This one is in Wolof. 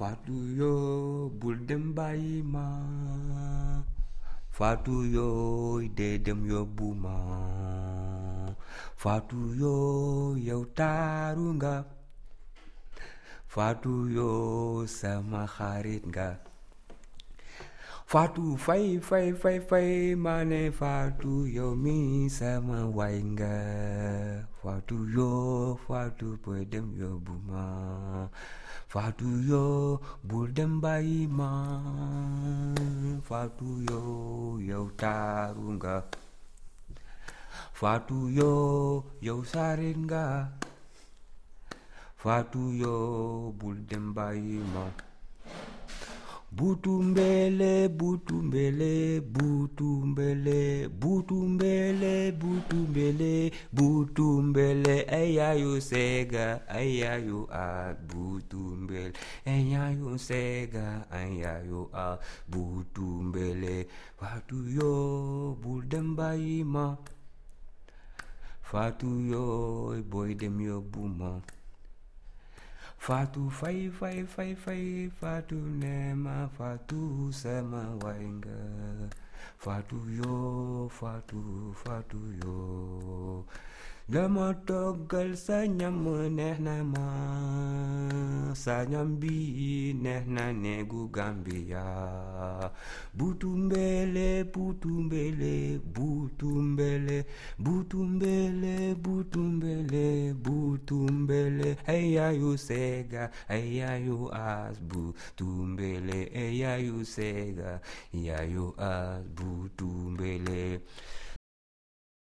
Fatou yoo bul dem bàyyi ma faatu yooy dee dem yóbbu ma Fatou yoo yow taaru nga Fatou yoo sama xarit nga Fatou fay fay fay fay ma ne Fatou yow mi sama waay nga Fatou yoo Fatou booy dem yóbbu ma faatu yoo bul dem bàyyi ma Fatou yoo yow taaru nga Fatou yoo yow saarit nga faatu yoo bul dem bàyyi ma Butumbele, butumbele, butumbele, butumbele, butumbele, butumbele, ayayo sega, ayayo a, butumbele, ayayo sega, ayayo a, butumbele, watu yo, buldambaima, fatu yo, boy dem yo buma. faatu Faye Faye Faye Faye Fatou nee ma Fatou sama waay nga Fatou yoo Fatou Fatou yoo dama toggal sa ñam na ma sañam bi neex na neegu Gambia butumbele butumbele butumbele butumbele butumbele butumbele eyayu sega eyayu as butumbele eyayu sega eyayu as butumbele